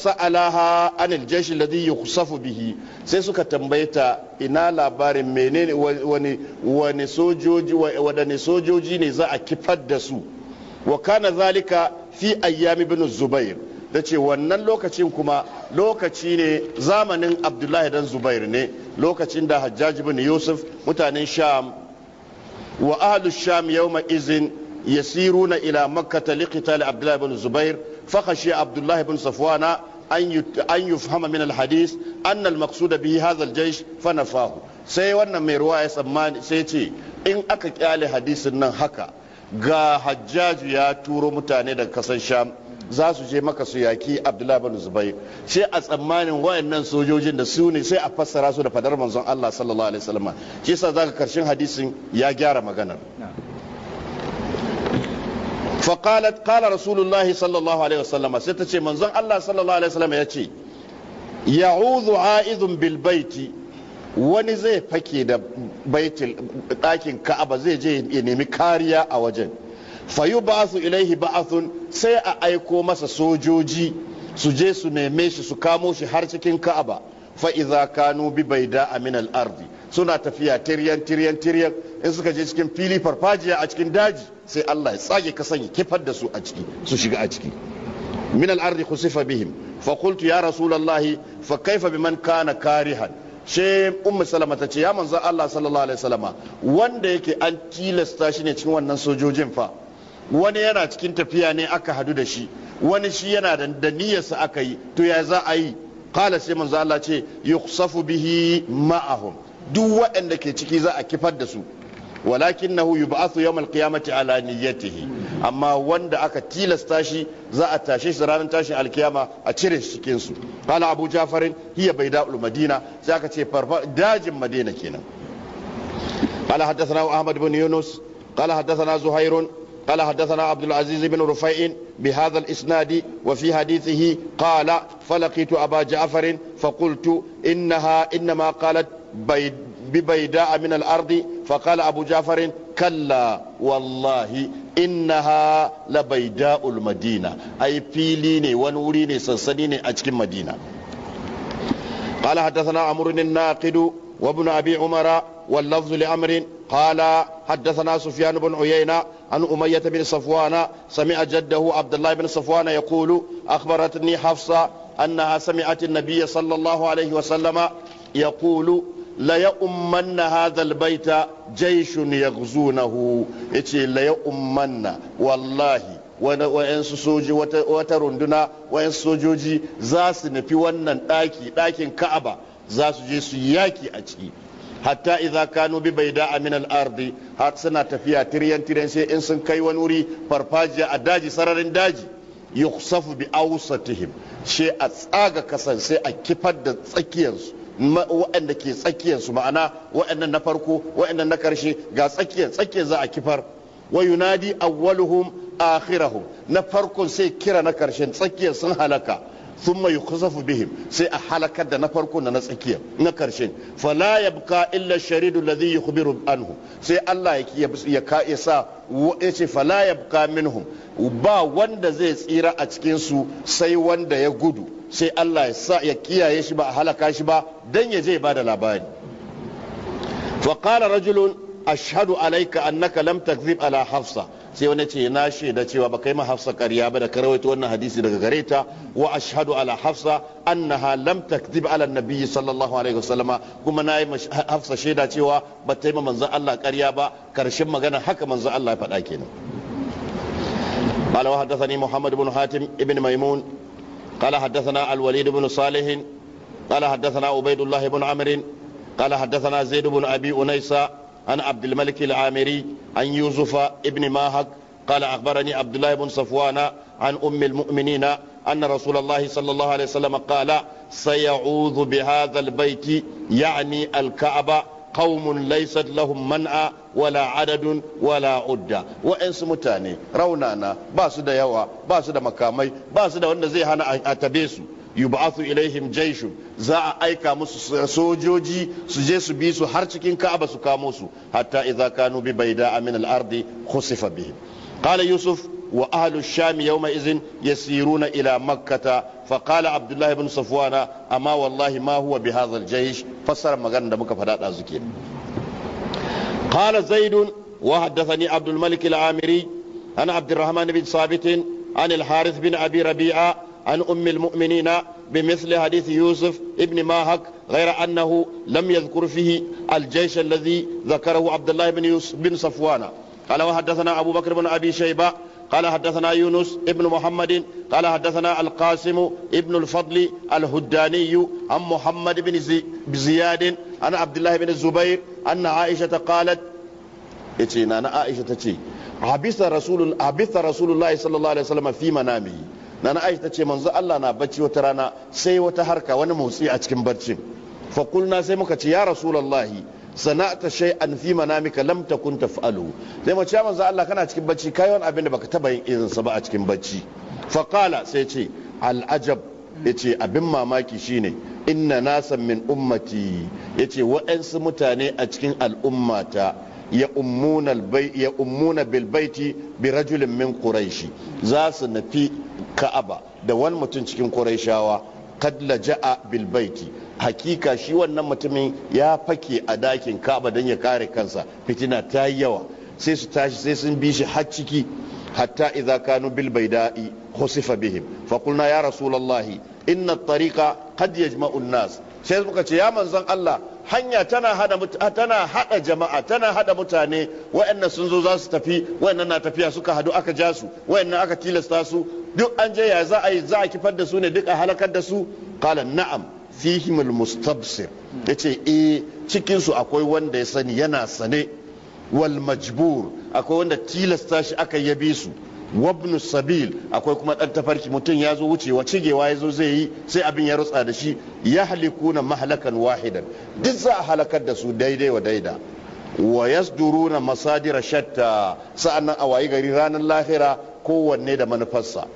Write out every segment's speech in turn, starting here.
sa'alaha anil jashi ladhi yukhsafu bihi sai suka tambaye ta ina labarin menene wani wani sojoji sojoji ne za a kifar da su wa kana zalika fi ayyami bin zubair da ce wannan lokacin kuma lokaci ne zamanin abdullahi dan zubair ne lokacin da hajjaji bin yusuf mutanen sham wa ahlus sham yawma izin yasiruna ila makkata liqital abdullahi bin zubair فخشي عبد الله بن صفوان an yufhama min alhadis an almaqsuda bihi hadha aljaysh fa sai wannan mai ruwa ya tsammani sai ce in aka kyale hadisin nan haka ga hajjaju ya turo mutane daga kasan sham za su je maka su yaki abdullahi bin zubair sai a tsammanin wayannan sojojin da su ne sai a fassara su da fadar manzon Allah sallallahu alaihi wasallam shi yasa zaka karshen hadisin ya gyara maganar فقالت قال رسول الله صلى الله عليه وسلم ستتشي منزل الله صلى الله عليه وسلم يعوذ عائذ بالبيت wani zai fake da baitul ɗakin ka'aba zai je ya nemi kariya a wajen fayu ba'asu ilaihi ba'athun sai a aiko masa sojoji su je su neme shi su kamo shi har cikin ka'aba fa iza kanu bi baida a minal ardi suna tafiya tiryan tiryan tiryan in suka je cikin fili farfajiya a cikin daji sai Allah ya tsage ka sanya kifar da su a ciki su shiga a ciki min al-ardi khusifa bihim fa qultu ya rasulullahi fa kaifa biman kana karihan she ummu salama ta ce ya manzo Allah sallallahu alaihi wasallama wanda yake an tilasta shi ne cikin wannan sojojin fa wani yana cikin tafiya ne aka hadu da shi wani shi yana da niyyarsa aka yi to ya za a yi kala sai manzo Allah ce yukhsafu bihi ma'ahum duk waɗanda ke ciki za a kifar da su Walakin walakinahu yub'athu yawmal qiyamati ala niyyatihi amma wanda aka tilasta shi za a tashe shi ranar tashin alkiyama a cire shi cikin su qala abu jafarin hiya madina sai aka ce dajin madina kenan qala haddathana ahmad bin yunus qala haddathana zuhairun قال حدثنا bin العزيز Bihazal, Isnadi, بهذا الإسناد وفي حديثه قال فلقيت أبا جعفر فقلت إنها إنما قالت بيد ببيداء من الأرض فقال أبو جعفر كلا والله إنها لبيداء المدينة أي فيليني ونوريني سنسنيني أجكم مدينة قال حدثنا عمرو الناقد وابن أبي عمر واللفظ لأمر قال حدثنا سفيان بن عيينة عن أمية بن صفوان سمع جده عبد الله بن صفوان يقول أخبرتني حفصة أنها سمعت النبي صلى الله عليه وسلم يقول la ya ummanna hadhal baita jaishun yaghzunahu yace la ya ummanna wallahi wayansu soji wata runduna wayansu sojoji za su nufi wannan daki dakin ka'aba za su je su yaki a ciki hatta idza kanu bi baida min al ardi har suna tafiya tiryan tiryan sai in sun kai wani wuri farfajiya a daji sararin daji yuksafu bi awsatihim she a tsaga kasan sai a kifar da tsakiyarsu waɗanda ke tsakiyarsu ma'ana waɗannan na farko waɗannan na ƙarshe ga tsakiyar tsakiyar za a kifar wa yunadi awwaluhum akhirahum na farkon sai kira na ƙarshen tsakiyar sun halaka thumma yukhsafu bihim sai a halakar da na farkon da na tsakiyar na ƙarshen fala yabqa illa sharidu alladhi yukhbiru anhu sai Allah ya ya sa yace fala yabqa minhum ba wanda zai tsira a cikin su sai wanda ya gudu sai Allah ya sa ya kiyaye shi ba a halaka shi ba dan ya je ba da labari fa rajulun ashadu alaika annaka lam takzib ala hafsa sai wani ce na shaida cewa ba kai ma hafsa ƙarya ba da karawaita wannan hadisi daga gare ta wa ashadu ala hafsa annaha lam ala nabiyyi sallallahu alaihi wasallama kuma nayi hafsa shaida cewa ba ta yi ma manzon Allah ƙarya ba karshen magana haka manzon Allah ya faɗa kenan قال وحدثني محمد بن حاتم ابن ميمون قال حدثنا الوليد بن صالح قال حدثنا عبيد الله بن عمرو قال حدثنا زيد بن أبي أنيس عن عبد الملك العامري عن يوسف ابن ماهك قال أخبرني عبد الله بن صفوان عن أم المؤمنين أن رسول الله صلى الله عليه وسلم قال سيعوذ بهذا البيت يعني الكعبة قوم ليست لهم منع ولا عدد ولا عدة وإن سمتاني رونانا باسو دا يوا باسو دا مكامي da wanda وانا زي هانا أتبيسو yub'athu ilaihim jaishun za a aika musu sojoji su je su bi su har cikin ka'aba su kamo su hatta idza kanu baida min al-ardi khusifa bihim qala yusuf وأهل الشام يومئذ يسيرون إلى مكة فقال عبد الله بن صفوان أما والله ما هو بهذا الجيش فسر مغان دمك فدات أزكين قال زيد وحدثني عبد الملك العامري أنا عبد الرحمن بن ثابت عن الحارث بن أبي ربيعة عن أم المؤمنين بمثل حديث يوسف ابن ماهك غير أنه لم يذكر فيه الجيش الذي ذكره عبد الله بن, بن صفوان قال وحدثنا أبو بكر بن أبي شيبة قال حدثنا يونس ابن محمد قال حدثنا القاسم ابن الفضل الهداني عن محمد بن زي زياد عن عبد الله بن الزبير أن عائشة قالت اتينا أنا عائشة تشي عبث رسول عبث رسول الله صلى الله عليه وسلم في منامه nana aisha tace manzo Allah na bacci wata rana sai wata harka wani motsi a cikin barcin fa kulna sai muka ce ya rasulullahi sana'ata shay'an fi manamika lam takun taf'alu sai mace ya manzo Allah kana cikin bacci kai wani abin da baka taba yin irin sa ba a cikin bacci fa qala sai ce al ajab yace abin mamaki shine inna nasan min ummati yace wa'ansu mutane a cikin al'ummata ya ummuna bai ya ummuna bil baiti bi rajulin min quraishi za su nafi ka'aba da wani mutum cikin quraishawa kad ja'a bil baiti hakika shi wannan mutumin ya fake a dakin kaba don ya kare kansa fitina ta yi yawa sai su tashi sai sun bi shi har ciki hatta idza kanu bil baida'i husifa bihim fa qulna ya rasulullahi inna at-tariqa qad yajma'u an-nas sai muka ce ya manzon Allah hanya tana hada tana hada jama'a tana hada mutane wayannan sun zo za su tafi wayannan na tafiya suka hadu aka ja su wayannan aka tilasta su duk an je ya za a yi za a kifar da su ne duk a halakar da su qala na'am fihim almustabsir yace eh cikin su akwai wanda ya sani yana sane wal majbur akwai wanda tilasta shi aka yabi su wabnu sabil akwai kuma dan tafarki mutum ya zo wucewa cigewa ya zo zai yi sai abin ya rutsa da shi ya halikuna mahalakan wahidan duk za a halakar da su daidai wa daida wa yasduruna masadira shatta sa'annan a wayi gari ranar lahira kowanne da manufarsa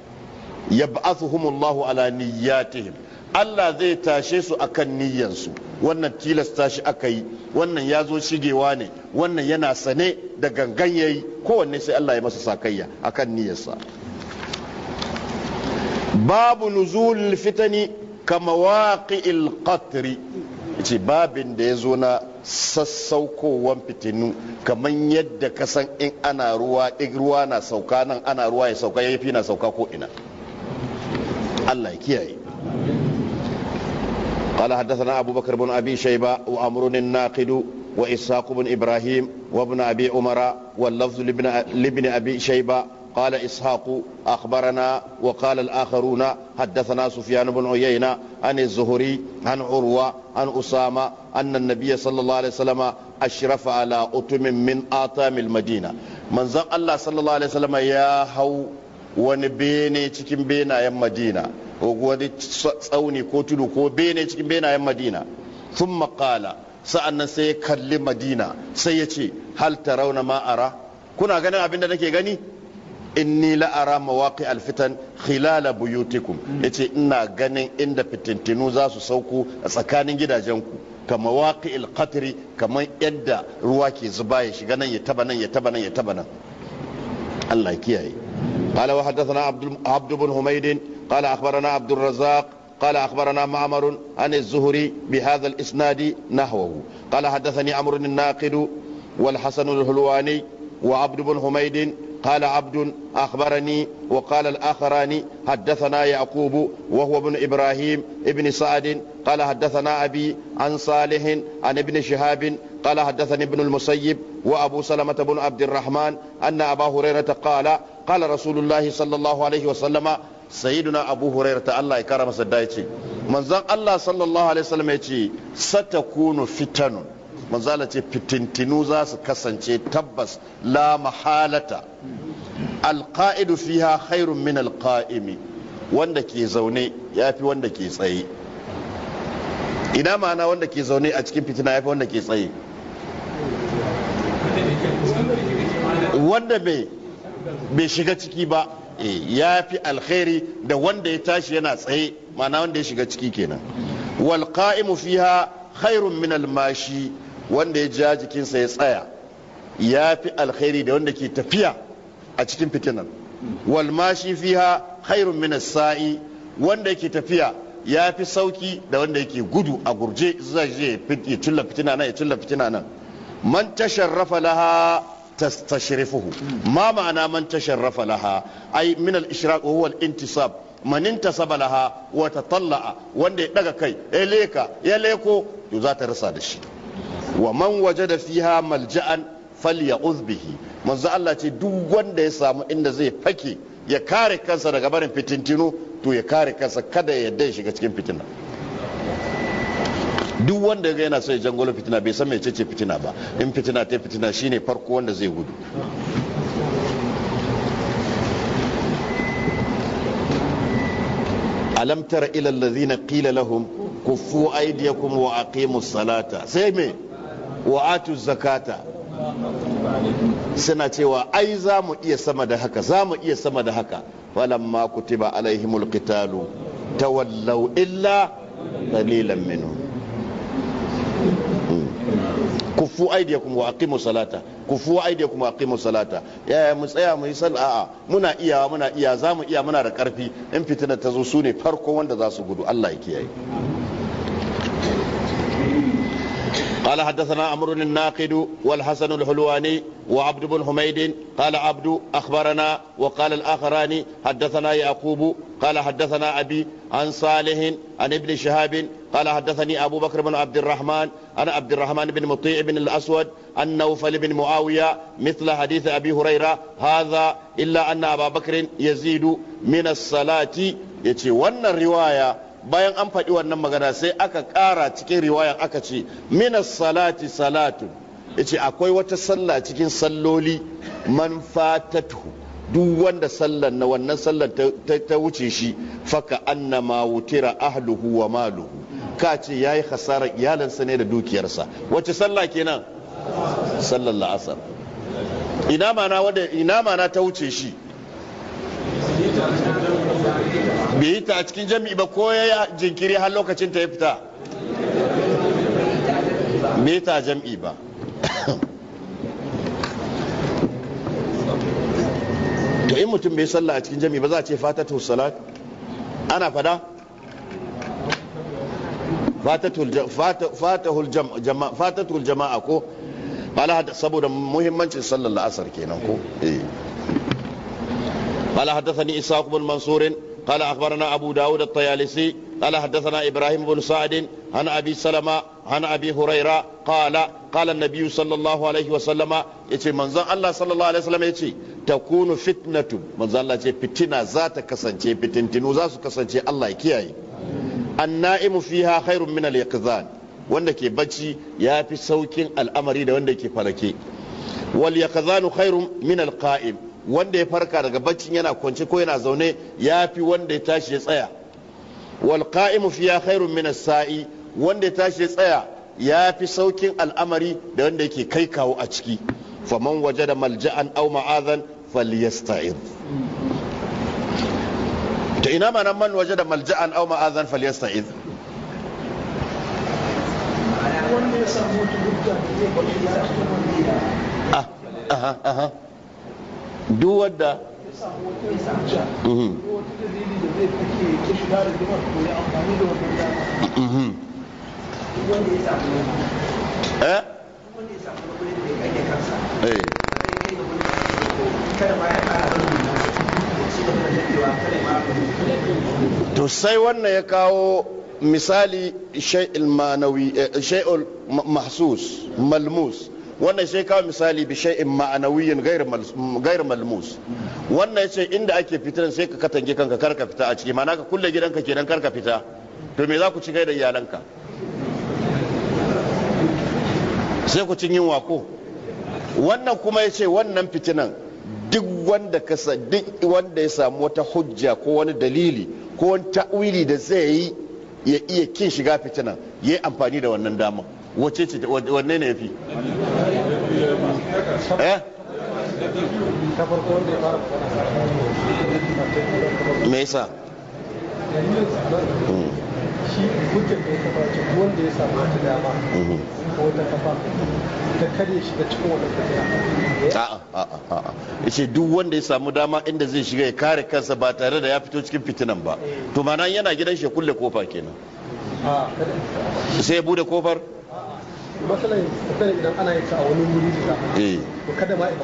yab'athuhumullahu ala niyyatihim Allah zai tashe su akan su wannan tilasta shi aka yi wannan ya zo shigewa ne wannan yana sane da gangan yayi kowanne sai Allah ya masa sakayya akan niyyarsa babu nuzul fitani kama waqi'il qatri ce babin da ya zo na sassaukowar fitinu kamar yadda kasan in ana ruwa ruwa na sauka nan ana ruwa ya sauka ya fi na sauka ko ina Allah ya kiyaye قال حدثنا أبو بكر بن أبي شيبة وأمر الناقد وإسحاق بن إبراهيم وابن أبي عمر واللفظ لابن أبي شيبة قال إسحاق أخبرنا وقال الآخرون حدثنا سفيان بن عيينة عن الزهري عن عروة عن أسامة أن النبي صلى الله عليه وسلم أشرف على أتم من آتام المدينة من زم الله صلى الله عليه وسلم يا هو wani bene cikin benayen madina wani tsauni ko tudu ko bene cikin benayen madina sun makala nan sai ya kalli madina sai ya ce hal rauna ma'ara kuna ganin abin da nake gani inni la'ara mawaƙi alfitan khilala buyutikum ya ce ina ganin inda fitintinu za su sauko a tsakanin gidajenku ka mawaƙi alƙatiri kamar yadda ruwa ke zuba ya shiga nan ya taba nan ya taba nan ya taba nan Allah kiyaye قال وحدثنا عبد, عبد بن حميد قال أخبرنا عبد الرزاق قال أخبرنا معمر عن الزهري بهذا الإسناد نحوه قال حدثني عمرو الناقد والحسن الهلواني وعبد بن حميد قال عبد أخبرني وقال الآخران حدثنا يعقوب وهو ابن إبراهيم ابن سعد قال حدثنا أبي عن صالح عن ابن شهاب قال حدثني ابن المسيب وأبو سلمة بن عبد الرحمن أن أبا هريرة قال قال رسول الله صلى الله عليه وسلم سيدنا أبو هريرة الله يكرم سدايتي من زن الله صلى الله عليه وسلم يتي ستكون فتن من زالتي فتنتنو زاس كسنتي تبس لا محالة القائد فيها خير من القائم wanda ke zaune ya fi wanda ke tsaye ina ma'ana wanda ke zaune a cikin fitina ya fi wanda ke tsaye wanda bai shiga ciki ba eh, ya fi alkhairi da wanda ya tashi yana tsaye mana wanda ya shiga ciki kenan wal qa'imu fiha khairun min al mashi wanda ya ja jikinsa ya tsaya ya fi alkhairi da wanda ke tafiya a cikin fitinan wal mashi fiha khairun min as sa'i wanda yake tafiya ya fi sauki da wanda yake gudu a gurje zai je ya cilla fitina nan ya cilla fitina nan man tasharrafa laha tastashrifuhu ma ma'ana man tasharrafa laha ai min al-ishraq wa huwa al-intisab man intasaba laha wa tatalla'a wanda ya daga kai ya leka ya leko to za ta rasa da shi wa man wajada fiha malja'an falya'uz bihi manzo Allah ce duk wanda ya samu inda zai fake ya kare kansa daga barin fitintinu to ya kare kansa kada ya yarda shiga cikin fitina duk wanda ya ga yana so ya jangolo fitina bai san mece ce fitina ba in fitina ta fitina shine farko wanda zai gudu alam tara ila allazina qila lahum kuffu aydiyakum wa aqimus salata sai me wa atu zakata suna cewa ai za mu iya sama da haka za mu iya sama da haka falamma kutiba alaihimul qitalu tawallaw illa qalilan minhum kufu aidiyakum wa aqimu salata kufu aidiyakum wa aqimu salata ya yaya mu tsaya mu yi sal'a muna iya muna iya za mu iya muna da karfi in fitina ta zo su ne farko wanda za su gudu Allah ya kiyaye قال حدثنا أمر الناقد والحسن الحلواني وعبد بن حميد قال عبد أخبرنا وقال الآخران حدثنا يعقوب قال حدثنا أبي عن صالح عن ابن شهاب قال حدثني أبو بكر بن عبد الرحمن عن عبد الرحمن بن مطيع بن الأسود عن نوفل بن معاوية مثل حديث أبي هريرة هذا إلا أن أبا بكر يزيد من الصلاة يتي ون الرواية bayan an faɗi wannan magana sai aka ƙara cikin riwayan aka ce minas salati salatu yace akwai wata sallah cikin salloli man fatatuhu duk wanda sallan na wannan sallan ta wuce shi faka ma wutira ahluhu wa maluhu ka ce yayi khasara iyalansa ne da dukiyarsa wace sallah kenan sallar la'asar ina mana wanda ina mana ta wuce shi bai yi ta a cikin jami'i ba ko ya jinkiri har lokacin ta ya fita bai ta jam'i ba to in mutum bai sallah a cikin jami ba za a ce fatatul salat ana fada fatatul jama'a fatatul jama'a ko bala hada saboda muhimmancin sallar la'asar kenan ko eh. bala hada sani isa kuma قال أخبرنا أبو داود الطيالسي قال حدثنا إبراهيم بن سعد عن أبي سلمة عن أبي هريرة قال قال النبي صلى الله عليه وسلم يتي منزل الله صلى الله عليه وسلم يتي takunu fitnatu manzo Allah ce fitina za ta kasance fitintinu za su kasance Allah ya kiyaye na'imu fiha khairun min al-yaqzan wanda ke bacci ya fi saukin al'amari da wanda ke falake wal yaqzanu khairun min al-qa'im wanda ya farka daga baccin yana kwance ko yana zaune ya fi wanda ya tashi ya tsaya wal qa'imu fiha khairun min as-sa'i wanda ya tashi ya tsaya ya fi saukin al'amari da wanda yake kai kawo a ciki faman waje da malja'an au ma'azan فليستعظ إنما من وجد ملجأ أو مآذا فليستعذ أه، أه، أه. دو ودا دو ودا to sai wannan ya kawo misali shay'ul ma'ana'wi eh, shay'ul mahsus malmus wannan sai kawo misali bi shay'in ma'anawiyin gair malmus wannan yace inda ake fitar sai ka katange kanka karka fita a ciki ma'ana ka kulle gidanka kenan karka fita to me za ku ci gaida da iyalanka sai ku cin yin wako wannan kuma yace wannan fitinan duk wanda ka duk wanda ya samu wata hujja ko wani dalili ko wani ta'wili da zai yi ya iya kin shiga fitina ya yi amfani da wannan dama wace ce wanne ne ya fi eh? me yasa hmm. shi hujjar da ya kamata duk wanda ya samu wata dama mhm. ko wata kafa ta kare shi da cikin wannan tafiya a'a a'a a'a duk wanda ya samu dama inda zai shiga ya kare kansa ba tare da ya fito cikin fitinan ba eh. to ma'ana yana gidan shi kulle kofa kenan sai ya bude kofar matsalar idan ana yi ta a wani wuri da eh. kada ma ya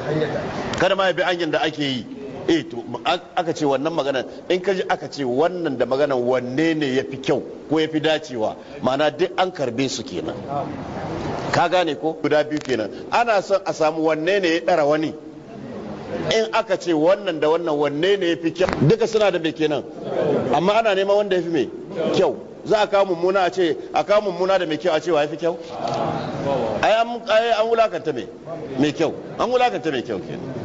bi hanyar da ake yi E to aka ce wannan magana in ka ji aka ce wannan da magana wanne ne ya fi kyau ko ya fi dacewa ma'ana duk an karbe su kenan ka gane ko guda biyu kenan ana son a samu wanne ne ya ɗara wani in aka ce wannan da wannan wanne ne ya fi kyau duka suna da mai kenan amma ana neman wanda ya fi mai kyau za a kawo mummuna a ce a kawo mummuna da mai kyau a ce wa ya fi kyau ai an wulakanta mai kyau an wulakanta mai kyau kenan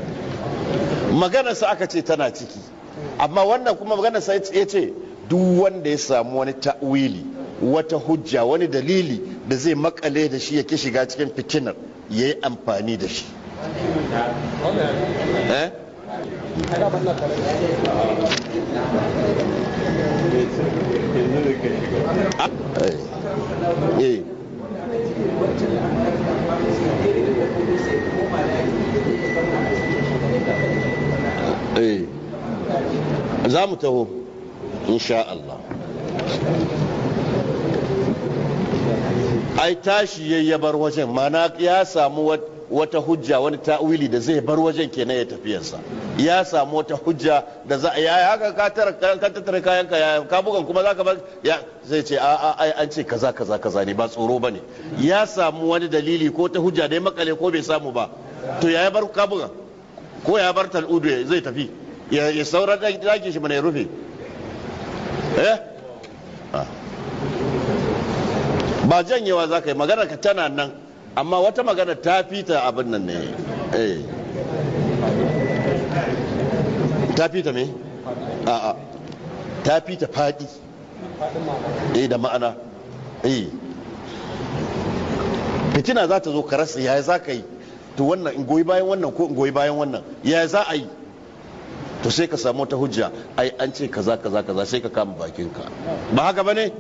maganarsa aka ce tana ciki amma wannan kuma maganarsa ya ce duk wanda ya samu wani ta'wili wata hujja wani dalili da zai makale da shi yake shiga cikin fitinar ya yi amfani da shi eh? Ah, eh. Eh. Eh. za mu taho insha Allah ai tashi yayya bar wajen mana ya samu wata hujja wani ta'wili da zai bar wajen kenan ya tafiyarsa ya samu wata hujja da za ya haka ka tattara kayan ka ka bugan kuma za ka bar ya zai ce a a ai an ce kaza kaza kaza ne ba tsoro bane ya samu wani dalili ko ta hujja da ya makale ko bai samu ba to yaya bar ka bugan ko ya bar tal'udu zai tafi ya saurar dakin shi mana ya rufe eh ah. ba janyewa za ka yi magana ka tana nan amma wata magana ta fita abin nan ne eh. ta fita me? a'a ta fita faɗi eh da ma'ana eh fitina za ta zo karasa ya yaya za ka yi to wannan in goyi bayan wannan ko in goyi bayan wannan ya za a yi to sai ka samu ta hujja ai an ce kaza kaza kaza sai ka kama bakinka ba haka bane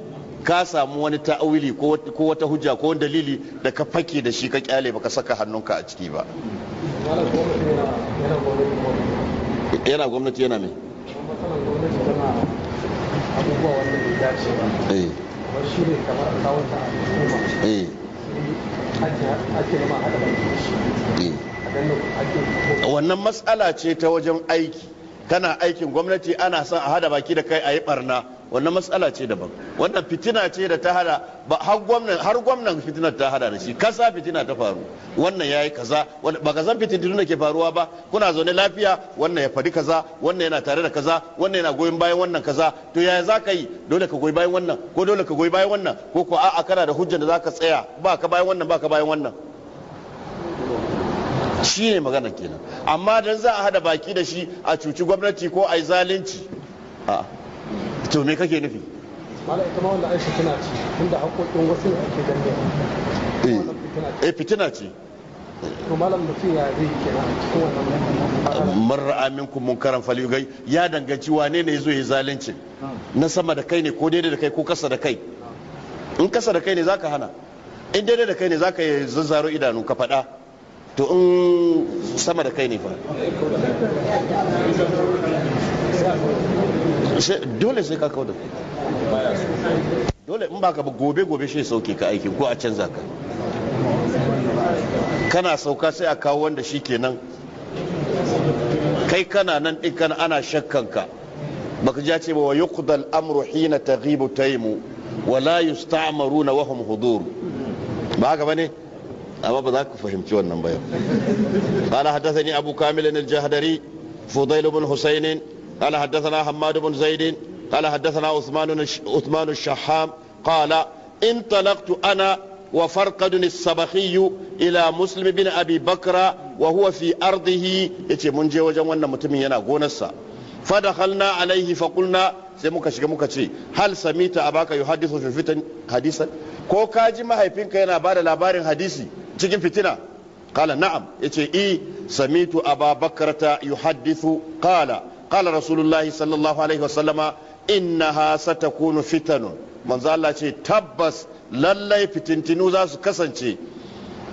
ka samu wani ta'awili ko wata hujja ko wani dalili da ka fake da shi ka kyale baka saka hannunka a ciki ba yana gwamnati yana me eh. abubuwa wanda bai dace ba shi ne kamar kawo ta a Eh. wannan matsala ce ta wajen aiki kana aikin gwamnati ana son a hada baki da kai a yi barna wannan matsala ce daban wannan fitina ce da ta hada har gwamnan har gwamnan fitinar ta hada da shi kasa fitina ta faru wannan yayi kaza ba ka san fitin da ke faruwa ba kuna zaune lafiya wannan ya fadi kaza wannan yana tare da kaza wannan yana goyon bayan wannan kaza to yaya za ka yi dole ka goyi bayan wannan ko dole ka goyi bayan wannan ko ko a'a kana da hujjar da za ka tsaya ba ka bayan wannan ba ka bayan wannan shi ne magana kenan amma dan za a hada baki da shi a cuci gwamnati ko a yi zalunci a'a to me kake nufi malam ita ma wanda aisha tana ci tunda haƙoƙin wasu ne ake danne eh, eh fitina ce to malam mutum ya zai cikin wannan ya danganci wane ne yazo ya zalunci na sama da kai ne ko daidai da kai ko kasa da kai in kasa da kai ne zaka hana in daidai da kai ne zaka yi zazzaro idanu ka faɗa to in sama da kai ne fa dole sai ka kawo kauda dole in baka gobe gobe shi sauke ka aiki ko a canza ka kana sauka sai a kawo wanda shi kenan kai kana nan din ana ana shakkanka baka ja ce ba wa yuqdal amru hina taghibu taymu wa la yusta'maruna wa hum hudur ba haka bane amma ba za ku fahimci wannan ba yau qala hadathani abu kamil al-jahdari fudail ibn husayn قال حدثنا حماد بن زيد قال حدثنا عثمان عثمان الشحام قال انطلقت انا وفرقد السبخي الى مسلم بن ابي بكر وهو في ارضه yace mun je wajen wannan mutumin yana gonarsa fadakhalna alaihi faqulna sai muka shiga muka ce hal samita abaka yuhaddithu fi fitan hadisan ko ka ji mahaifinka yana bada labarin hadisi cikin fitina qala na'am yace i samitu ababakarta yuhaddithu qala Kala rasulullahi sallallahu alaihi wasallama innaha satakunu tabbas lallai fitintinu za kasance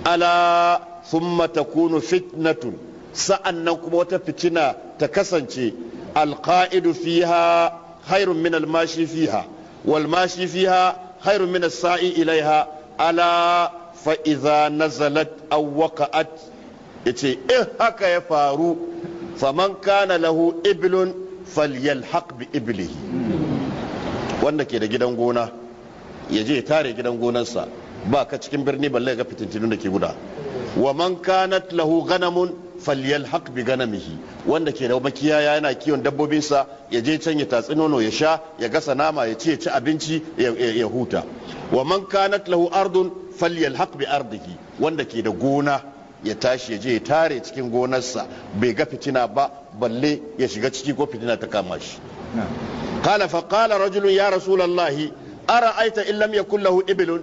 ala thumma takunu fitnatun sa'annan kuma wata fitina ta kasance alqa'idu fiha khairun min والماشي فيها خير من السعي إليها ألا فإذا نزلت أو وقعت in haka ya faru faman kana lahu iblun falyalhaq bi iblihi wanda ke da gidan gona ya je tare gidan gonansa, ba ka cikin birni balle ga fitintinu da ke guda wa man kanat lahu ganamun falyalhaq bi ganamihi wanda ke da makiyaya yana kiwon dabbobinsa ya je can ya tatsi nono ya sha ya gasa nama ya ce ci abinci ya huta wa man kanat lahu ardun falyalhaq bi ardihi wanda ke da gona ya tashi ya je ya tare cikin gonarsa bai ga fitina ba balle ya shiga ciki ko fitina ta kama shi kala fa kala rajulun ya rasulallahi ara aita illam ya kullahu ibilun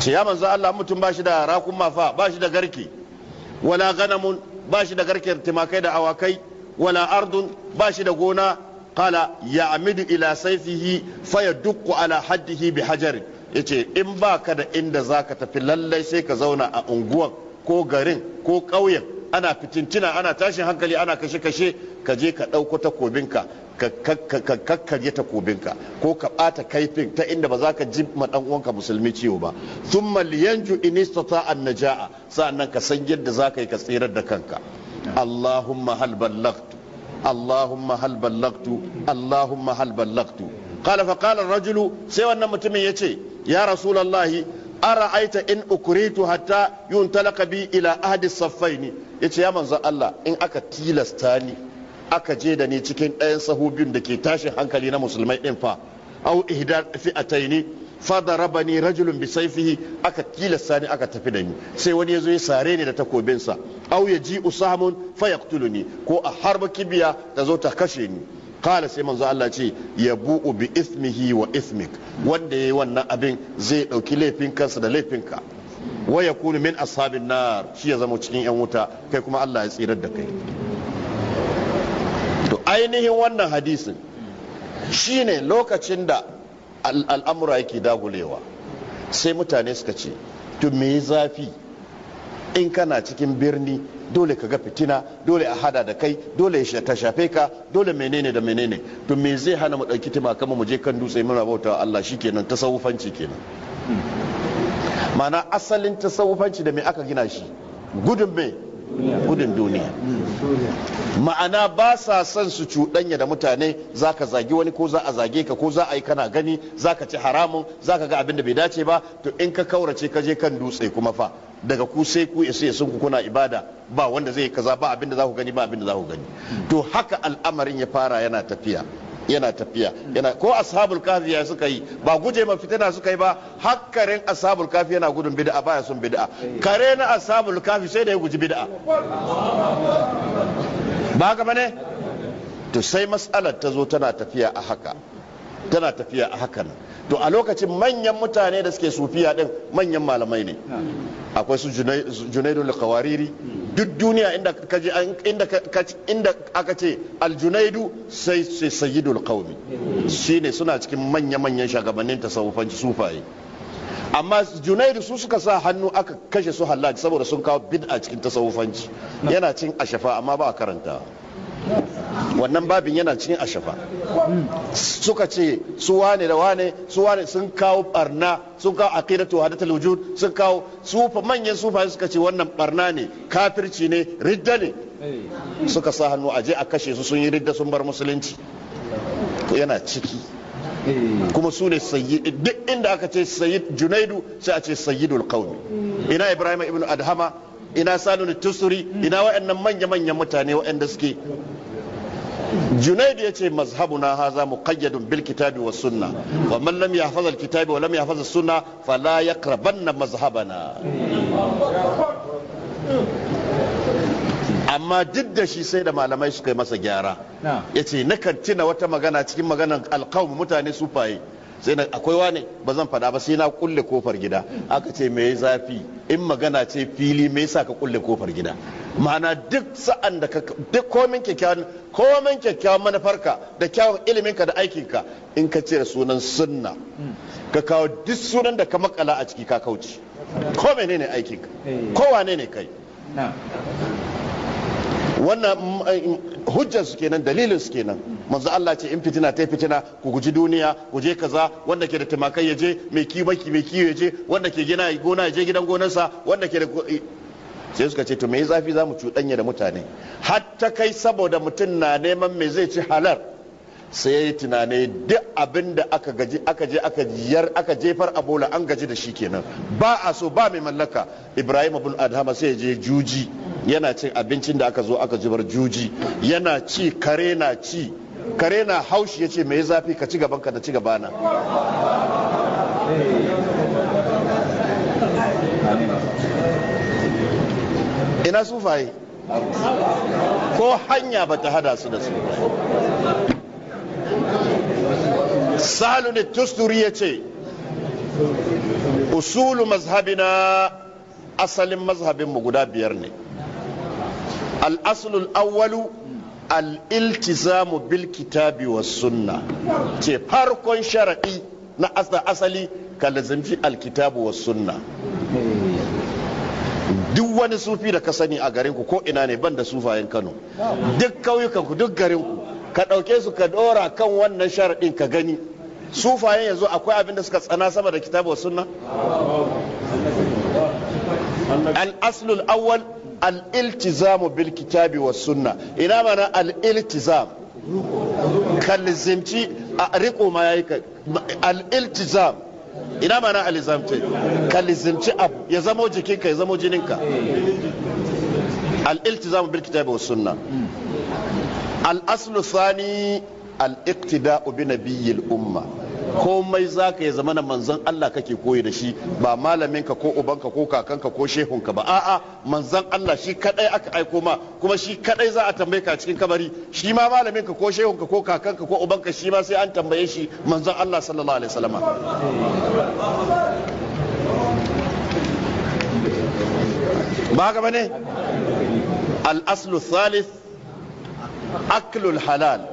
ce ya manzo Allah mutum ba shi da rakun mafa ba shi da garke wala ganamun ba shi da garke timakai da awakai wala ardun ba shi da gona kala ya amidu ila saifihi fa ya dukku ala haddihi bi hajarin yace in ba ka da inda za ka tafi lallai sai ka zauna a unguwan ko garin ko ƙauyen ana fitintina ana tashin hankali ana kashe-kashe ka je ka ɗauko takobinka ka kakkarye takobinka ko ka ɓata kaifin ta inda ba za ka ji ma ɗan uwanka musulmi ciwo ba thumma liyanju in istata an naja'a sa'annan ka san yadda za ka yi ka tsirar da kanka allahumma hal ballagtu allahumma hal ballagtu allahumma hal ballagtu qala fa qala ar-rajulu sai wannan mutumin yace ya rasulallahi aita in ukuritu hatta yun talaka bi ila ahadi saffaini yace ya manzan Allah in aka tilasta ni aka je da ni cikin ɗayan sahu biyun da ke tashin hankali na musulmai ɗin fa au ihda raba ni rajulun bi saifihi aka tilasta ni aka tafi da ni sai wani ya zo ya sare ni da takobinsa au ji usamun fa yaqtuluni ko a harba kibiya ta zo ta kashe ni kala sai manzo Allah ce ya bu'u bi ismihi wa ismik wanda yayi wannan abin zai dauki laifin kansa da laifinka wa yakunu min ashabin nar shi ya zama cikin yan wuta kai kuma Allah ya tsirar da kai to ainihin wannan hadisin shine lokacin da al'amura yake dagulewa sai mutane suka ce to me zafi in kana cikin birni dole ka ga fitina dole a hada da kai dole ta shafe ka dole menene da menene to me zai hana mu dauki kama mu je kan dutse muna bauta Allah shikenan tasawufanci kenan hmm. ma'ana asalin tasawufanci da me aka gina shi gudun me gudun duniya ma'ana ba sa son su cuɗanya da mutane za ka zagi wani ko za a zage ka ko za a yi kana gani za ka ci haramun za ka ga abin da bai dace ba to in ka kaurace ka je kan dutse kuma fa daga ku sai ku isa sun ku kuna ibada ba wanda zai kaza ba abin da za ku gani ba abin da za ku gani to haka al'amarin ya fara yana tafiya yana tafiya yana ko ashabul kafi ya suka yi ba guje ma fitina suka yi ba hakkarin ashabul kafi yana gudun bid'a baya sun bid'a kare na ashabul kafi sai da ya guji bid'a ba ga bane to sai mas'alar ta zo tana tafiya a haka tana tafiya a hakan to a lokacin manyan mutane da suke sufiya din manyan malamai ne akwai su junaidul qawariri duk duniya inda inda aka ce aljunaidu sai sai sayyidul qaumi shine suna cikin manya manyan shagabannin tasawufanci sufaye amma junaidu su suka sa hannu aka kashe su hallaji saboda sun kawo bid'a cikin tasawufanci yana cin ashafa amma ba a karanta wannan babin yana cikin ashafa suka ce su wane da wane su wane sun kawo barna sun kawo to wahdatul wujud sun kawo sufa manyan sufa suka ce wannan barna ne kafirci ne ridda ne suka sa hannu aje a kashe su sun yi ridda sun bar musulunci yana ciki kuma su ne duk inda aka ce sayyid junaidu sai a ce sayyidul qaumi ina ibrahim ibn adhama ina da tusuri ina wa'annan manya-manyan mutane wa'anda suke junaid ya ce mazhabuna haza mu kayyadun bil kitabi wa sunna wa man lam yahfaz al kitabi wa lam yahfaz as sunna fala yaqrabanna mazhabana amma duk da shi sai da malamai suka yi masa gyara ya ce nakan tuna wata magana cikin maganar alkawun mutane su faye. sai na akwai wane ba zan fada ba sai na kulle kofar gida aka ce me zafi in magana ce fili me sa ka kulle kofar gida ma'ana duk sa'an da ka duk komin kyakkyawan komin kyakkyawan manufarka da kyawun iliminka da aikinka in ka da sunan sunna ka kawo duk sunan da ka makala a ciki ka kauce ko ne aikinka eh. ko wane ne kai wannan mm, eh, hujjar su kenan dalilin su kenan manzo Allah ce in fitina ta fitina ku guji duniya ku je kaza wanda ke da tumakai ya je mai ki mai kiwo ya je wanda ke gina gona ya je gidan gonarsa wanda ke da eh. sai suka ce to me zafi za mu cuɗanya da mutane hatta kai saboda mutum na neman me zai ci halar sai ya tunane duk abin da aka gaji aka je aka yar aka jefar a bola an gaji da shi kenan ba a so ba mai mallaka ibrahim abul adhama sai ya je juji yana cin abincin da aka zo aka zubar juji yana ci kare na ci kare na haushi ya ce mai zafi ka ci gaban ka da ci gabana ina sufaye ko hanya ba ta hada su da su ne tusturi ya ce usulu mazhabina asalin mazhabinmu guda biyar ne al'asulul awwalu al'iltizamu bil kitabi wa sunna ce farkon sharaɗi na asali ka lazimci alkitabu wa sunna duk wani sufi da ka sani a garinku ko ina ne ban da sufayen kano duk kauyukanku duk garinku ka ɗauke su ka ɗora kan wannan sharaɗin ka gani sufayen yanzu akwai abin da suka tsana sama da kitabu wa sunna al aslul awwal al-iltizamu bil kitabi wa sunna ina mana al-iltizam kallizimci a riko ma yayi al-iltizam ina mana alizamce kallizimci abu ya zamo jikinka ya zamo jininka al-iltizamu bil kitabi wa sunna al-aslu thani al-iqtida'u bi nabiyil umma komai za ka yi zamana manzan Allah kake koyi da shi ba malaminka ko ubanka ko kakanka ko shehunka ba a'a manzan Allah shi kadai aka aiko ma kuma shi kadai za a tambaye ka cikin kabari shi ma malaminka ko shehunka ko kakanka ko ubanka shi ma sai an tambaye shi manzan Allah sallallahu alaihi wasallam ba haka bane al-aslu thalith aklul halal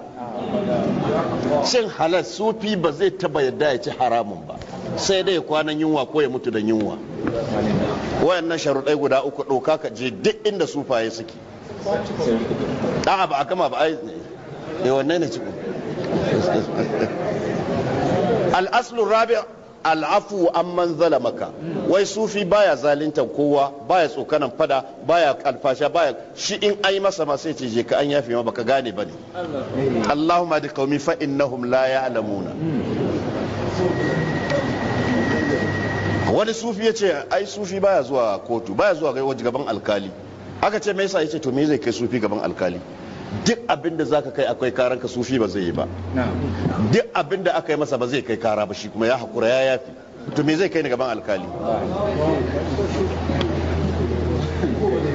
cin halal sufi ba zai taba yadda ya ci haramun ba sai dai kwanan yunwa ko ya mutu da yunwa wayannan sharuɗai guda uku ɗauka ka je duk inda sufaye suke ɗan abu a gama ba eh, wannan ne al-aslu rabi' al'afu amman zalamaka wai sufi baya zalintan kowa baya tsokanan fada baya alfasha baya shi in ai masa ma sai ce ka an yafe ma baka gane bane Allahumma di qaumi fa innahum la ya'lamuna wani sufi ya ai sufi baya zuwa kotu baya zuwa gaban alkali aka ce me yasa yace to me zai kai sufi gaban alkali duk abin da zaka kai akwai karan ka sufi ba zai yi ba duk abin da aka yi masa ba zai kai kara ba shi kuma ya hakura ya yafi to me zai kai ni gaban alkali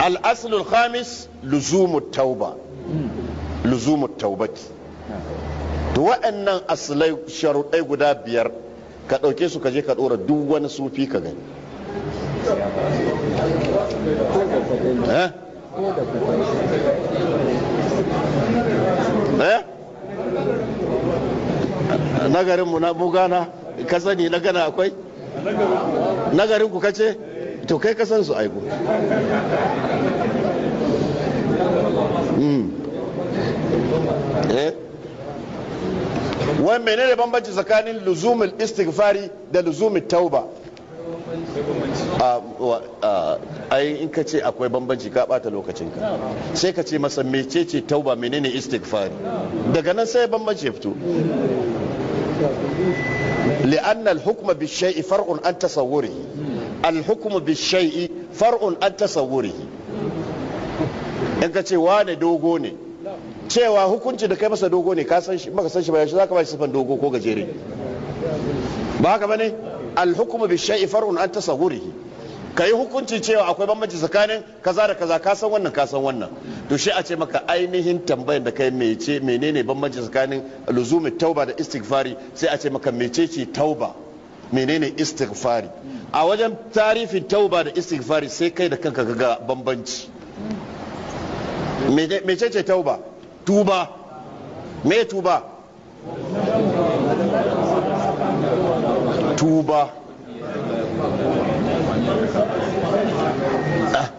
al-aslul khamis luzumu tauba luzumu taubati to wa'annan asalai sharuɗai guda biyar ka ɗauke su ka je ka ɗora duk wani sufi ka gani eh? eh nagarinmu na bugana ka sani na gana akwai nagarin ku kace to kai kasan su aiko hmm. eh? wai menene bambanci tsakanin luzumul istighfari da luzumul tauba A yi in ka ce akwai bambanci ka bata lokacinka sai ka ce masa mecece tauba menene istighfari daga nan sai bambanci ya fito لأن الحكم بالشيء فرع عن تصوره الحكم بالشيء فرع عن تصوره in ka ce wane dogo ne cewa hukunci da kai masa dogo ne ka san shi baka san shi ba yaushe zaka ba shi sifan dogo ko gajere ba haka bane al hukmu bi shay'i far'un an tasawwurihi ka yi hukunci cewa akwai bambanci tsakanin kaza da kaza ka san wannan ka san wannan to shi a ce maka ainihin tambayar da kai mece menene bambanci tsakanin luzumi tauba da istighfari sai a ce maka ce tauba menene istighfari a wajen tarifin tauba da istighfari sai kai da kanka ga bambanci ce tauba tuba me tuba tuba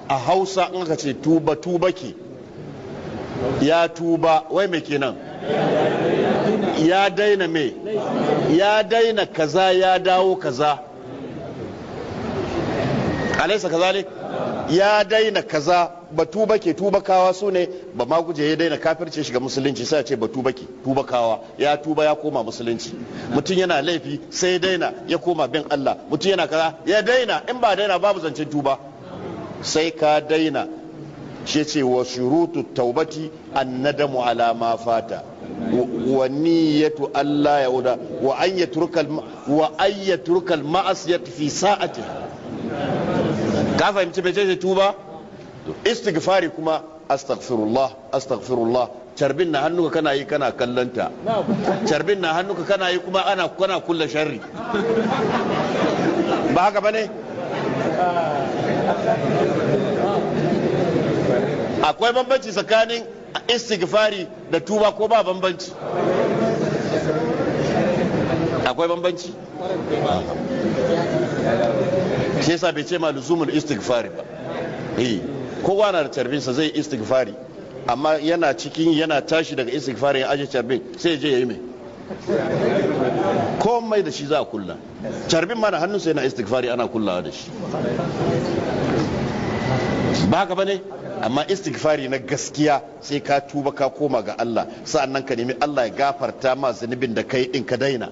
a hausa in ka ce tuba tuba ki ya tuba wai mai kenan ya daina me ya daina kaza ya dawo kaza alaisa kazalik ya daina kaza ba tuba ke tubakawa su ne ba ma guje ya daina kafirce shiga musulunci sai ce ba tuba ke tubakawa ya tuba ya koma musulunci mutum yana laifi sai ya daina ya koma bin Allah mutum yana kaza ya daina in ba daina babu zancen tuba sai ka daina shi ce wa shurutu taubati an nadamu ala ma fata wa niyyatu Allah ya wuda wa an yatrukal wa an yatrukal ma'asiyati fi sa'atiha ka fahimci bai ce tuba istighfari kuma astaghfirullah astaghfirullah carbin na hannuka kana yi kana kallanta carbin na hannuka kana yi kuma ana kana kulla sharri ba haka bane akwai bambanci tsakanin istighfari da tuba ko ba bambanci akwai bambanci shi yasa bai ce ma luzumul istighfari ba eh kowa na da tarbinsa zai istighfari amma yana cikin yana tashi daga istighfari ya aje tarbin sai je yayi mai komai da shi za a kulla carbin mana hannunsa yana istighfari ana kullawa da shi ba haka bane amma istighfari na gaskiya sai ka tuba ka koma ga Allah sa'annan ka nemi Allah ya gafarta ma zunubin da kai din ka daina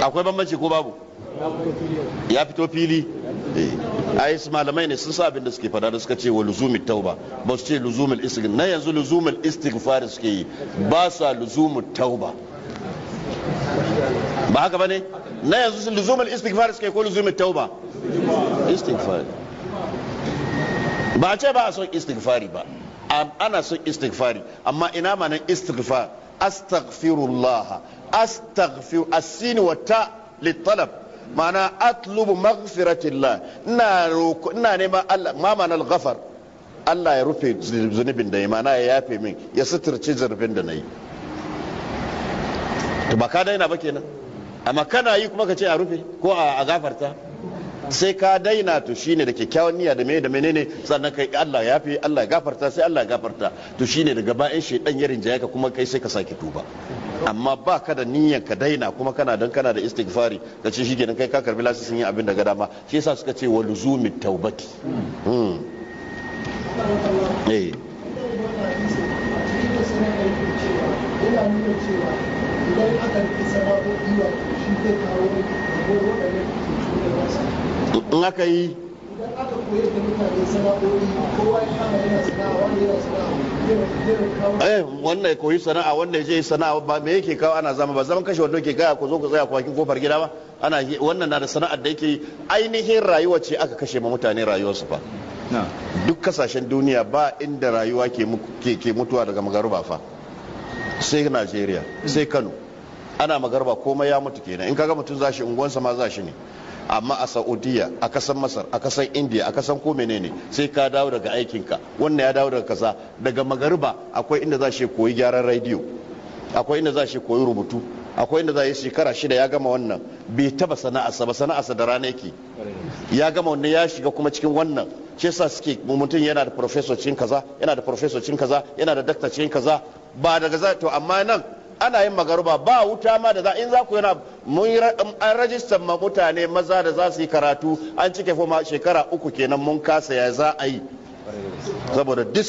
akwai bambanci ko babu ya fito fili eh. a yi malamai ne sun sa abin da suke fada da suka ce wa luzumin tauba ba su ce luzumin istighfar na yanzu luzumul istighfar suke yi ba sa luzumin tauba ba haka ba ne? na yanzu luzumul istighfar suke ko luzumin tauba istighfar ba a ce ba a son fari ba ana son fari amma ina ma nan istighfar astaghfirullah astaghfir as-sin wa ta litalab ma'ana atlubu maghfiratillah ina roko ina nema Allah ma ma'ana al-ghafar Allah ya rufe zunubin da yi ma'ana ya yafe min ya suturci zunubin da nayi to ba ka daina ba kenan amma kana yi kuma ka ce a rufe ko a gafarta sai ka daina to shine da kyakkyawan niyya da me da menene sannan kai Allah ya fi Allah gafarta sai Allah gafarta to shine daga bayan shedan ya rinjaye ka kuma kai sai ka sake tuba amma ba ka da niyyar ka daina kuma kana dan kana da istighfari ka ce shi kai ka karbi lasisin yin abin da ga dama shi yasa suka ce wa luzumi taubati hmm. eh in aka yi idan aka koyar da mutane sana'o'i kowa ya kama yana sana'a wani yana sana'a eh wannan koyi sana'a wannan je sana'a ba me yake kawo ana zama ba zaman kashe wanda ke gaya ku zo ku tsaya kwakin kofar gida ba ana wannan na da sana'ar da yake ainihin rayuwa ce aka kashe ma mutane rayuwarsu fa duk kasashen duniya ba inda rayuwa ke mutuwa daga magaruba fa sai Najeriya sai Kano ana magaruba komai ya mutu kenan in kaga mutum zashi unguwansa ma zashi ne amma a saudiya a kasan masar a kasan indiya a kasan ko menene sai ka dawo daga aikinka wannan ya dawo daga kaza daga magariba akwai inda za shi koyi gyaran rediyo akwai inda za shi koyi rubutu akwai inda za yi shekara shida ya gama wannan bai taba sana'arsa ba sana'arsa da rana yake ya gama wannan ya shiga kuma cikin wannan shi yasa suke mutum yana da professorcin kaza yana da professorcin kaza yana da daktarcin kaza ba daga za to amma nan ana yin magaruba ba wuta ma da za in za ku yana an rajistar ma mutane maza da za su yi karatu an cike foma shekara uku kenan mun kasa ya za a yi saboda duk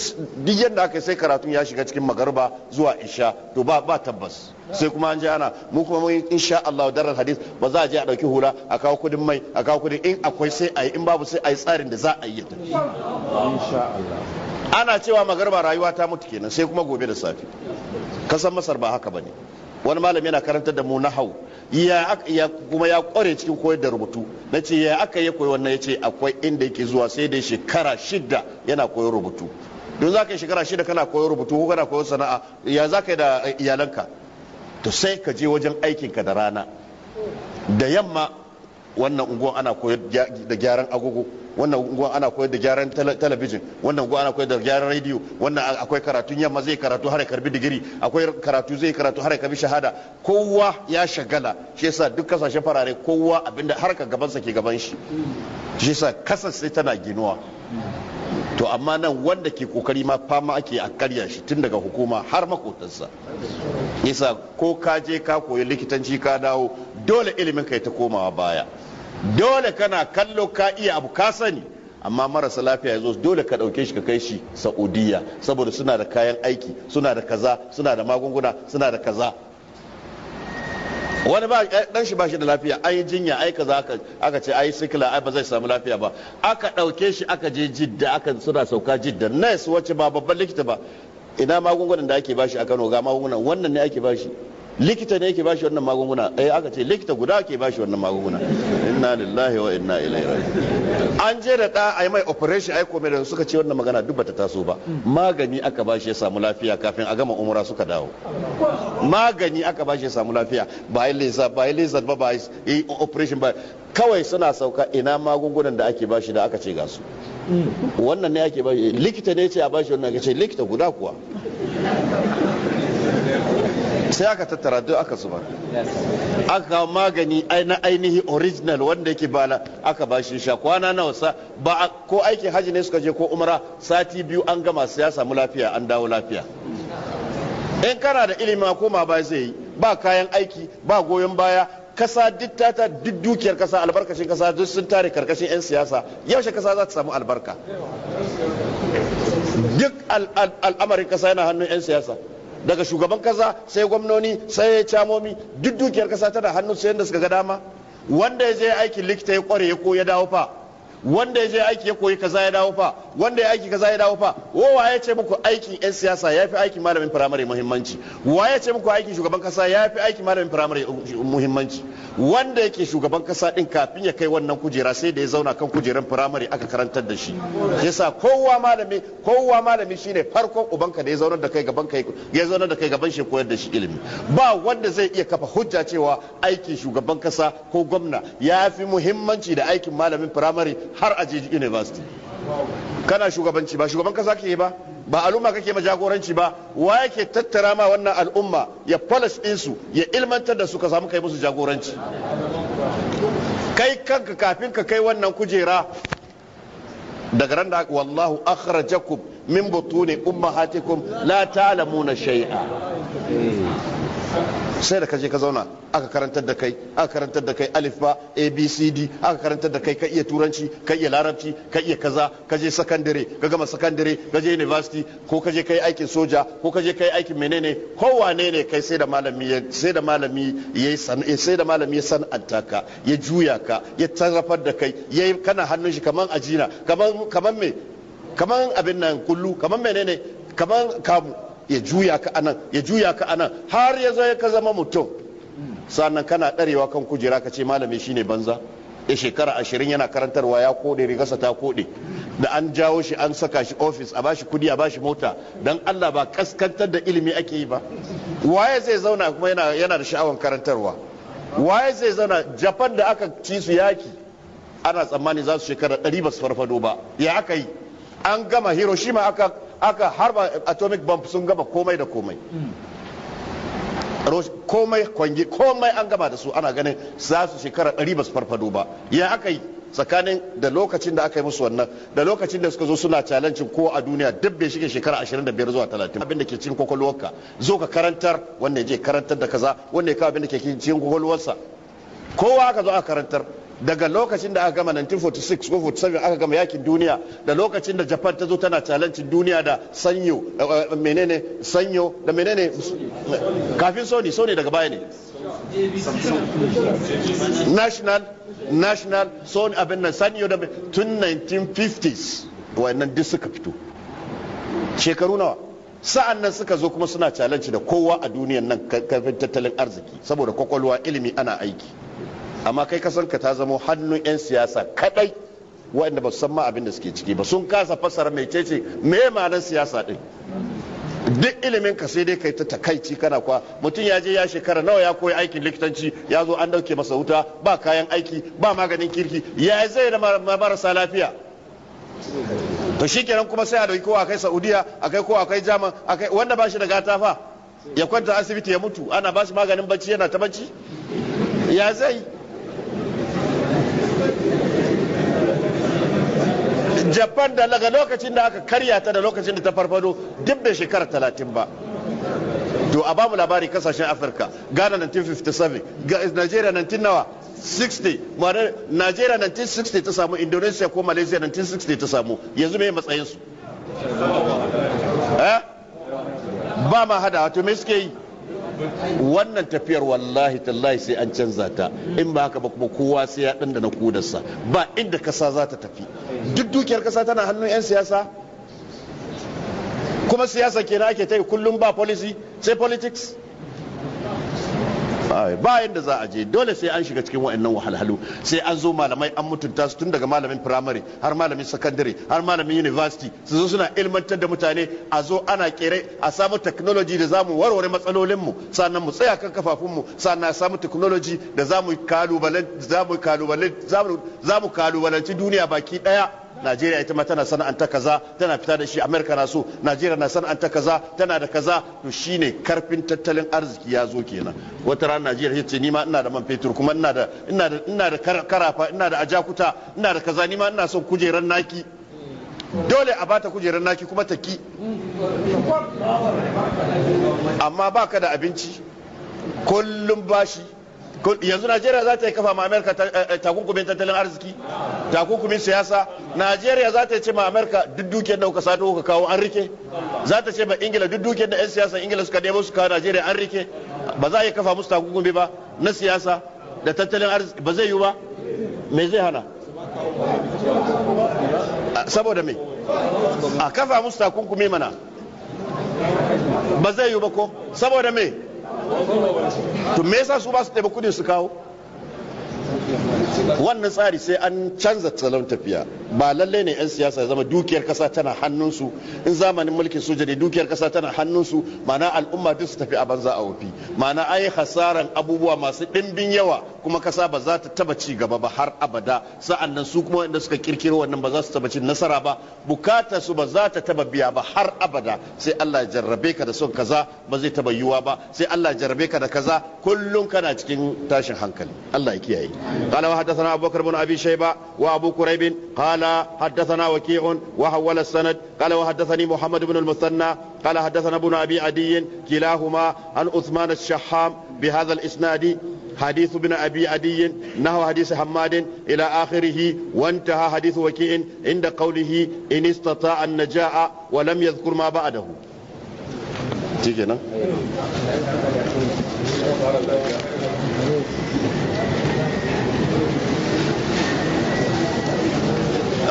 yadda aka sai karatun ya shiga cikin magaruba zuwa isha to ba ba tabbas sai kuma an ji ana mu kuma mun insha Allah darar hadis ba za a je a dauki hula a kawo kudin mai a kawo kudin in akwai sai a yi in babu sai a yi tsarin da za a yi ta ana cewa magaruba rayuwa ta mutu kenan sai kuma gobe da safe kasan masar ba haka bane wani malam yana karantar da mu na ya kuma ya kware cikin koyar da rubutu na ce ya aka ya koyi wannan ya ce akwai inda yake zuwa sai dai shekara shida yana koyar rubutu don za ka yi shekara shida kana koyar rubutu ko kana koyar sana'a ya za ka yi da eh, iyalanka to sai ka je wajen aikinka da rana da yamma wannan unguwan ana koyar da gyaran agogo wannan unguwan ana koyar da gyaran talabijin wannan unguwan ana koyar da gyaran rediyo wannan akwai karatun yamma zai karatu har ya karbi digiri akwai karatu zai karatu har ya karbi shahada kowa ya shagala shi yasa duk kasashe farare kowa abinda ka gabansa ke gaban shi shi yasa kasar sai tana ginuwa to amma nan wanda ke kokari ma fama ake a karya shi tun daga hukuma har makotansa yasa ko ka je ka koyi likitanci ka dawo dole ilimin ka ta komawa baya dole kana kallo ka iya abu ka sani amma marasa lafiya ya zo dole ka ɗauke shi ka kai shi saudiya saboda suna da kayan aiki suna da kaza suna da magunguna suna da kaza wani ba dan eh, shi ba shi da lafiya ayi jinya ai kaza aka ce ai sikila ai ba zai samu lafiya ba aka ɗauke shi aka je jidda aka suna sauka jidda nurse wacce ba babban likita ba ina magungunan da ake bashi a Kano ga magungunan wannan ne ake bashi likita ne yake bashi wannan magunguna eh aka ce likita guda ke bashi wannan magunguna inna lillahi wa inna ilaihi raji'un an je da da ai mai operation ai komai da suka ce wannan magana duk bata taso ba magani aka bashi ya samu lafiya kafin a gama umra suka dawo magani aka bashi ya samu lafiya ba ai laser ba ai ba ba ai operation ba kawai suna sauka ina magungunan da ake bashi da aka ce ga su wannan ne ake bashi likita ne ce a bashi wannan aka ce likita guda kuwa sai aka tattara duk aka zuba aka kawo magani na ainihi original wanda yake bala aka ba shi sha kwana nawa wasa ba ko aikin hajji ne suka je ko umara sati biyu an gama su ya samu lafiya an dawo lafiya in kana da ilimi koma ba zai yi ba kayan aiki ba goyon baya kasa dittata duk dukiyar kasa albarkacin kasa duk sun tare karkashin 'yan siyasa yaushe kasa za ta samu albarka duk al'amarin kasa yana hannun 'yan siyasa daga shugaban kasa sai gwamnoni sai camomi duk dukiyar kasa tana hannun sayan da suka ga dama wanda ya je aikin likita ya kware ya ko ya dawo fa wanda ya je aiki ya koyi kaza ya dawo fa wanda ya aiki kaza ya dawo fa wa ya ce muku aikin yan siyasa ya fi aikin malamin firamare muhimmanci wa ya ce muku aikin shugaban kasa ya fi aikin malamin firamare muhimmanci wanda yake shugaban kasa din kafin ya kai wannan kujera sai da ya zauna kan kujeran firamare aka karantar da shi yasa kowa malami kowa malami shine farkon ubanka da ya zauna da kai gaban kai ya zauna da kai gaban shi koyar da shi ilimi ba wanda zai iya kafa hujja cewa aikin shugaban kasa ko gwamna ya fi muhimmanci da aikin malamin firamare har a jeji university kana shugabanci ba shugaban kasa kake ba ba al'umma kake ma jagoranci ba wa yake tattara ma wannan al'umma ya polish ɗinsu ya ilmantar da su ka samu kai musu jagoranci kai kanka kafin ka kai wannan kujera daga ran da wallahu akhrajakum min butuni ummahatikum la ta'lamuna shay'a sai da kaje ka zauna aka karantar da kai aka karantar da kai alif ba abcd aka karantar da kai ka iya turanci ka iya larabci ka iya kaza ka je sakandare ka gama sakandare ka je university ko ka je kai aikin soja ko ka je kai aikin menene kowane ne kai sai da malami ya sai da malami ya eh, sai da malami ya san'anta ka ya juya ka ya tarrafar da kai yayi kana hannun shi kaman ajina kaman kaman me kaman abin nan kullu kaman menene kaman kamu ya juya ka anan ya juya ka anan har ya zo ka zama mutum sannan kana ɗarewa kan kujera ka ce malami shine banza ya shekara ashirin yana karantarwa ya kode rigarsa ta kode da an jawo shi an saka shi ofis a bashi kudi a bashi mota don allah ba kaskantar da ilimi ake yi ba waye zai zauna kuma yana da sha'awan karantarwa waye zai zauna japan da aka ci su yaki ana tsammani za su shekara ɗari ba su farfado ba ya aka yi an gama hiroshima aka aka harba atomic bomb sun gama komai da komai komai kwangi komai an gama da su ana ganin za su shekara ɗari ba su farfado ba ya aka yi tsakanin da lokacin da aka yi musu wannan da lokacin da suka zo suna challenge ko a duniya duk bai shige shekara 25 zuwa 30 abin da ke cikin kwakwalwarka zo ka karantar wanda ya je karantar da kaza wanda ya kawo abin da ke cikin kwakwalwarsa kowa aka zo a karantar daga lokacin da aka gama 1946 ko 47 aka gama yakin duniya da lokacin da japan ta zo tana challenge duniya da sanyo eh, eh, menene sanyo da menene kafin sony sony daga baya ne national national sony abin nan sanyo da tun 1950s wayannan duk suka fito shekaru nawa sa'an nan suka zo kuma suna challenge da kowa a duniyan nan kafin tattalin arziki saboda kwakwalwa ilimi ana aiki amma kai kasan ka ta zamo hannun 'yan siyasa kadai waɗanda ba su san ma abin da suke ciki ba sun kasa fassara mai cece me ma'anar siyasa din duk ilimin ka sai dai kai ta takaici kana kwa mutum ya je ya shekara nawa ya koyi aikin likitanci ya zo an dauke masa wuta ba kayan aiki ba maganin kirki ya zai da marasa lafiya to shikenan kuma sai a dauki kowa kai saudiya a kai kowa kai jaman wanda ba shi da gata fa ya kwanta asibiti ya mutu ana ba shi maganin bacci yana ta bacci ya zai japan da daga lokacin da aka karya ta da lokacin da ta farfado duk da shekara talatin ba to a bamu labari kasashen afirka ghana 1957 nigeria 1960 nawa nigeria 1960 ta samu indonesia ko malaysia 1960 ta samu yanzu mai matsayinsu eh? ba ma hada wato me suke yi wannan tafiyar wallahi tallahi sai an canza ta in ba haka ba kuma kowa sai ya ɗan da na kudarsa ba inda kasa za ta tafi duk dukiyar kasa tana hannun 'yan siyasa kuma siyasa kenan ake ta yi kullum ba policy sai politics bayan da za a je dole sai an shiga cikin wa'annan wahalhalu sai an zo malamai an mutunta su tun daga malamin primary har malamin secondary har malamin university su zo suna ilmantar da mutane a zo ana kere a samu technology da zamu warware matsalolin mu sannan mu tsaya kan kafafun mu sannan a samu technology da zamu kalubalanci duniya baki daya najeriya ita ma tana sana'anta kaza tana fita da shi amerika na so najeriya na sana'anta kaza tana da kaza to shine karfin tattalin arziki ya zo kenan wata rana najeriya ce ni ina da man fetur kuma ina da ina da ina da karafa ina da ajakuta ina da kaza ni ina son kujeran naki dole a bata kujerar naki kuma ta ki amma baka da abinci kullum bashi yanzu najeriya za ta yi kafa ma amerika eh, eh, takunkumin tattalin arziki takunkumin siyasa najeriya za ta ce ma amerika duk dukiyar da kuka sato kuka kawo an rike za ta ce ma ingila duk dukiyar da 'yan siyasa ingila suka nemo su kawo najeriya an rike ba za a yi kafa musu takunkumi ba na siyasa da tattalin arziki ba zai yi ba me zai hana saboda me a kafa musu takunkumi mana ba zai yi ba ko saboda me to me yasa su ba su ɗaya kudin su kawo wannan tsari sai an canza salon tafiya ba lalle ne 'yan siyasa ya zama dukiyar kasa tana hannunsu in zamanin mulkin soja ne dukiyar kasa tana hannunsu mana al'umma duk su tafi a banza a wofi mana ayi hasaran abubuwa masu ɗimbin yawa kuma kasa ba za ta taba ci gaba ba har abada sa'annan nan su kuma wanda suka kirkiro wannan ba za su taba ci nasara ba bukatar su ba za ta taba biya ba har abada sai Allah ya jarrabe ka da son kaza ba zai taba yiwa ba sai Allah ya jarrabe ka da kaza kullum kana cikin tashin hankali Allah ya kiyaye qala wa haddathana abubakar bin abi shayba wa abu quraib qala haddathana waki'un wa hawala sanad qala wa haddathani muhammad ibn al-musanna qala haddathana ibn abi adi kilahuma an usman ash-shahham بهذا الإسناد حديث بن أبي عدي نحو حديث حماد إلى آخره وانتهى حديث وكيع عند قوله إن استطاع النجاء ولم يذكر ما بعده تيجينا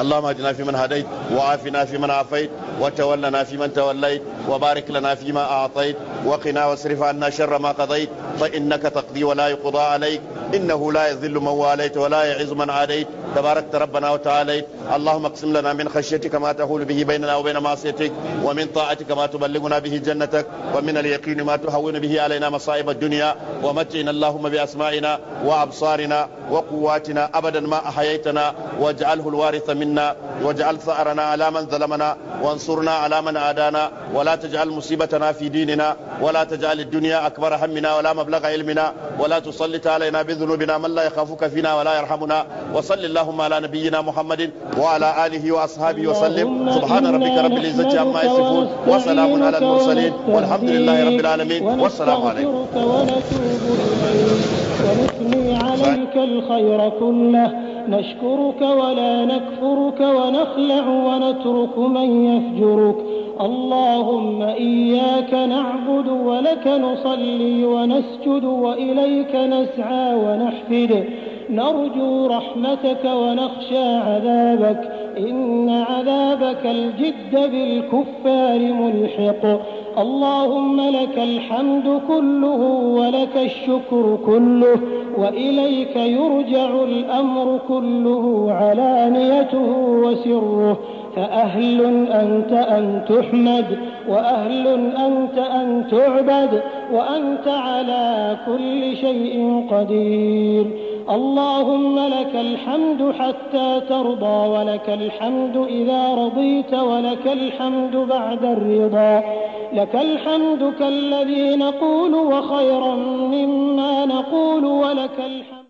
اللهم اهدنا فيمن هديت وعافنا فيمن عافيت وتولنا فيمن توليت وبارك لنا فيما أعطيت وقنا واصرف عنا شر ما قضيت فإنك تقضي ولا يقضى عليك إنه لا يذل من واليت ولا يعز من عاديت تباركت ربنا وتعاليت اللهم اقسم لنا من خشيتك ما تهول به بيننا وبين معصيتك ومن طاعتك ما تبلغنا به جنتك ومن اليقين ما تهون به علينا مصائب الدنيا ومتعنا اللهم بأسمائنا وأبصارنا وقواتنا أبدا ما أحييتنا واجعله الوارث منا واجعل ثأرنا على من ظلمنا وانصرنا على من عادانا ولا تجعل مصيبتنا في ديننا ولا تجعل الدنيا أكبر همنا ولا مبلغ علمنا ولا تسلط علينا بذنوبنا من لا يخافك فينا ولا يرحمنا وصل اللهم على نبينا محمد وعلى آله وأصحابه وسلم سبحان ربك رب العزة عما يصفون وسلام على المرسلين والحمد لله رب العالمين والسلام عليكم ونثني عليك الخير كله نشكرك ولا نكفرك ونخلع ونترك من يفجرك اللهم إياك نعبد ولك نصلي ونسجد وإليك نسعى ونحفد نرجو رحمتك ونخشى عذابك إن عذابك الجد بالكفار ملحق اللهم لك الحمد كله ولك الشكر كله وإليك يرجع الأمر كله علانيته وسره فأهل أنت أن تحمد وأهل أنت أن تعبد وأنت على كل شيء قدير اللهم لك الحمد حتى ترضى ولك الحمد إذا رضيت ولك الحمد بعد الرضا لك الحمد كالذي نقول وخيرا مما نقول ولك الحمد